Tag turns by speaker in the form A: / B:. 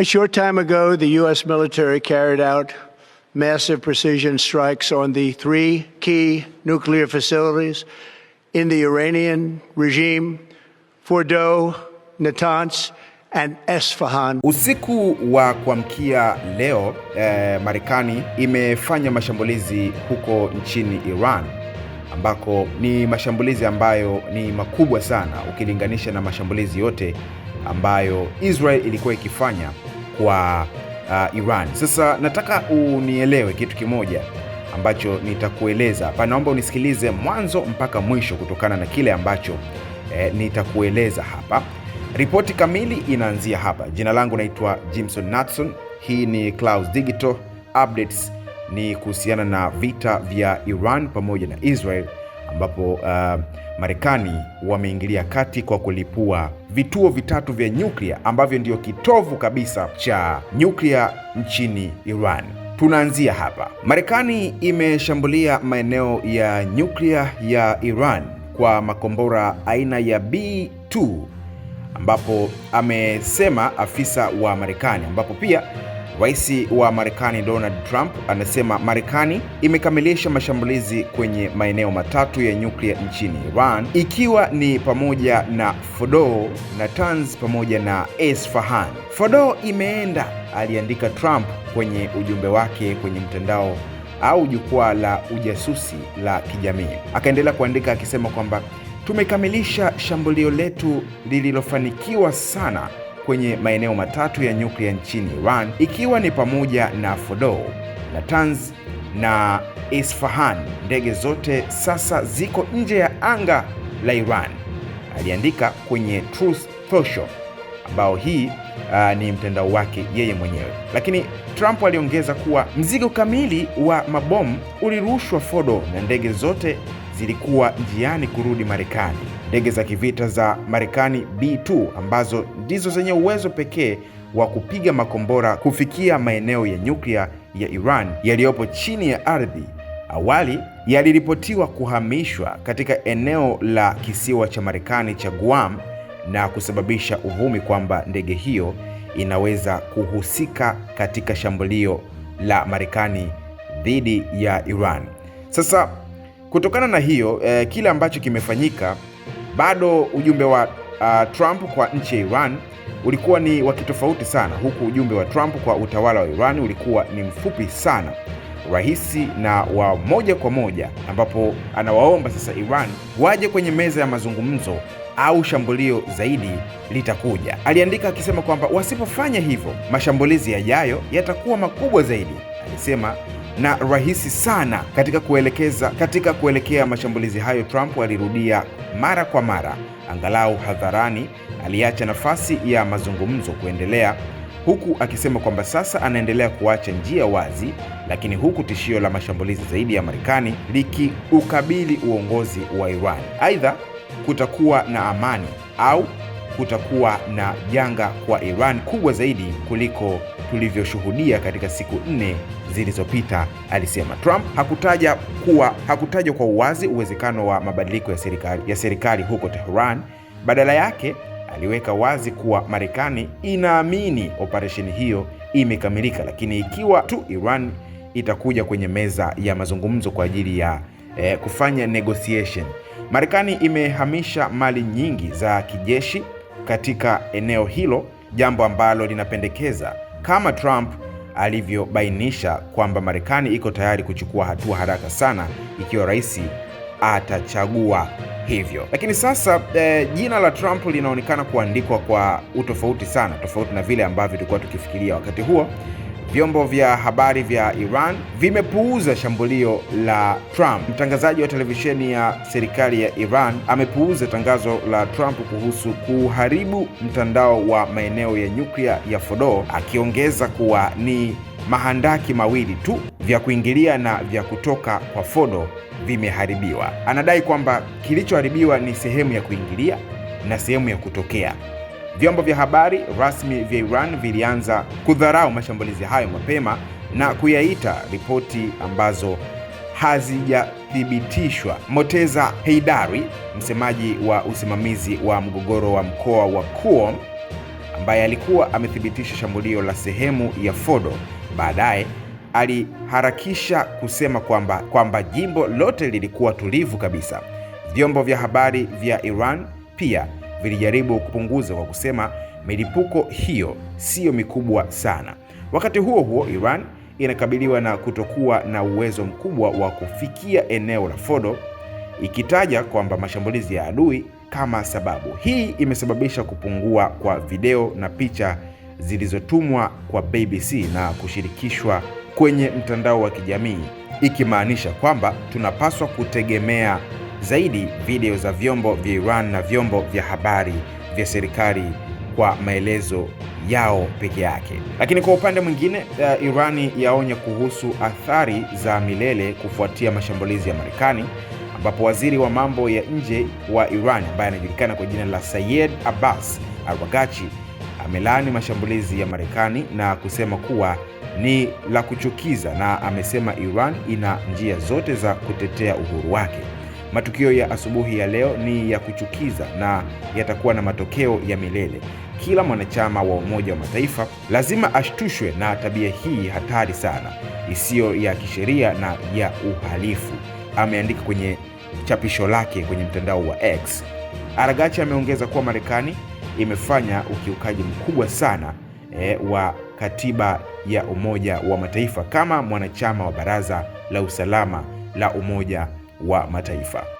A: A short time ago, the U.S. military carried out massive precision strikes on the three key nuclear facilities in the Iranian regime, Fordo, Natanz, and Esfahan.
B: Usiku wa kuamkia leo eh, Marekani imefanya mashambulizi huko nchini Iran ambako ni mashambulizi ambayo ni makubwa sana ukilinganisha na mashambulizi yote ambayo Israel ilikuwa ikifanya kwa uh, Iran. Sasa nataka unielewe kitu kimoja ambacho nitakueleza hapa. Naomba unisikilize mwanzo mpaka mwisho kutokana na kile ambacho eh, nitakueleza hapa. Ripoti kamili inaanzia hapa. Jina langu naitwa Jimson Natson. Hii ni Clouds Digital Updates, ni kuhusiana na vita vya Iran pamoja na Israel ambapo uh, Marekani wameingilia kati kwa kulipua vituo vitatu vya nyuklia ambavyo ndio kitovu kabisa cha nyuklia nchini Iran. Tunaanzia hapa. Marekani imeshambulia maeneo ya nyuklia ya Iran kwa makombora aina ya B2 ambapo amesema afisa wa Marekani ambapo pia Rais wa Marekani Donald Trump anasema Marekani imekamilisha mashambulizi kwenye maeneo matatu ya nyuklia nchini Iran ikiwa ni pamoja na Fordow, Natanz pamoja na Esfahan. Fordow imeenda, aliandika Trump kwenye ujumbe wake kwenye mtandao au jukwaa la ujasusi la kijamii. Akaendelea kuandika akisema kwamba tumekamilisha shambulio letu lililofanikiwa sana kwenye maeneo matatu ya nyuklia nchini Iran ikiwa ni pamoja na na Natanz na Isfahan. Ndege zote sasa ziko nje ya anga la Iran, aliandika kwenye Truth Social ambao hii uh, ni mtandao wake yeye mwenyewe. Lakini Trump aliongeza kuwa mzigo kamili wa mabomu ulirushwa fodo na ndege zote zilikuwa njiani kurudi Marekani. Ndege za kivita za Marekani B2 ambazo ndizo zenye uwezo pekee wa kupiga makombora kufikia maeneo ya nyuklia ya Iran yaliyopo chini ya ardhi, awali yaliripotiwa kuhamishwa katika eneo la kisiwa cha Marekani cha Guam na kusababisha uvumi kwamba ndege hiyo inaweza kuhusika katika shambulio la Marekani dhidi ya Iran. Sasa Kutokana na hiyo eh, kile ambacho kimefanyika, bado ujumbe wa uh, Trump kwa nchi ya Iran ulikuwa ni wa kitofauti sana, huku ujumbe wa Trump kwa utawala wa Iran ulikuwa ni mfupi sana, rahisi na wa moja kwa moja, ambapo anawaomba sasa Iran waje kwenye meza ya mazungumzo au shambulio zaidi litakuja. Aliandika akisema kwamba wasipofanya hivyo, mashambulizi yajayo yatakuwa makubwa zaidi, alisema na rahisi sana katika kuelekeza katika kuelekea mashambulizi hayo. Trump alirudia mara kwa mara, angalau hadharani aliacha nafasi ya mazungumzo kuendelea, huku akisema kwamba sasa anaendelea kuacha njia wazi, lakini huku tishio la mashambulizi zaidi ya Marekani likiukabili uongozi wa Iran. Aidha, kutakuwa na amani au kutakuwa na janga kwa Iran kubwa zaidi kuliko tulivyoshuhudia katika siku nne zilizopita, alisema. Trump hakutaja kuwa hakutajwa kwa uwazi uwezekano wa mabadiliko ya serikali ya serikali huko Tehran. Badala yake aliweka wazi kuwa Marekani inaamini operesheni hiyo imekamilika, lakini ikiwa tu Iran itakuja kwenye meza ya mazungumzo kwa ajili ya eh, kufanya negotiation. Marekani imehamisha mali nyingi za kijeshi katika eneo hilo, jambo ambalo linapendekeza kama Trump alivyobainisha kwamba Marekani iko tayari kuchukua hatua haraka sana ikiwa rais atachagua hivyo. Lakini sasa eh, jina la Trump linaonekana kuandikwa kwa utofauti sana, tofauti na vile ambavyo tulikuwa tukifikiria wakati huo Vyombo vya habari vya Iran vimepuuza shambulio la Trump. Mtangazaji wa televisheni ya serikali ya Iran amepuuza tangazo la Trump kuhusu kuharibu mtandao wa maeneo ya nyuklia ya fodo akiongeza kuwa ni mahandaki mawili tu vya kuingilia na vya kutoka kwa fodo vimeharibiwa. Anadai kwamba kilichoharibiwa ni sehemu ya kuingilia na sehemu ya kutokea. Vyombo vya habari rasmi vya Iran vilianza kudharau mashambulizi hayo mapema na kuyaita ripoti ambazo hazijathibitishwa. Moteza Heidari, msemaji wa usimamizi wa mgogoro wa mkoa wa Qom, ambaye alikuwa amethibitisha shambulio la sehemu ya Fordo, baadaye aliharakisha kusema kwamba kwamba jimbo lote lilikuwa tulivu kabisa. Vyombo vya habari vya Iran pia vilijaribu kupunguza kwa kusema milipuko hiyo siyo mikubwa sana. Wakati huo huo, Iran inakabiliwa na kutokuwa na uwezo mkubwa wa kufikia eneo la Fordo, ikitaja kwamba mashambulizi ya adui kama sababu. Hii imesababisha kupungua kwa video na picha zilizotumwa kwa BBC na kushirikishwa kwenye mtandao wa kijamii, ikimaanisha kwamba tunapaswa kutegemea zaidi video za vyombo vya Iran na vyombo vya habari vya serikali kwa maelezo yao peke yake. Lakini kwa upande mwingine, uh, eh, Irani yaonya kuhusu athari za milele kufuatia mashambulizi ya Marekani ambapo waziri wa mambo ya nje wa Iran ambaye anajulikana kwa jina la Sayed Abbas Arwagachi amelaani mashambulizi ya Marekani na kusema kuwa ni la kuchukiza na amesema Iran ina njia zote za kutetea uhuru wake. Matukio ya asubuhi ya leo ni ya kuchukiza na yatakuwa na matokeo ya milele. Kila mwanachama wa Umoja wa Mataifa lazima ashtushwe na tabia hii hatari sana isiyo ya kisheria na ya uhalifu, ameandika kwenye chapisho lake kwenye mtandao wa X. Aragachi ameongeza kuwa Marekani imefanya ukiukaji mkubwa sana e, wa katiba ya Umoja wa Mataifa kama mwanachama wa Baraza la Usalama la Umoja wa mataifa.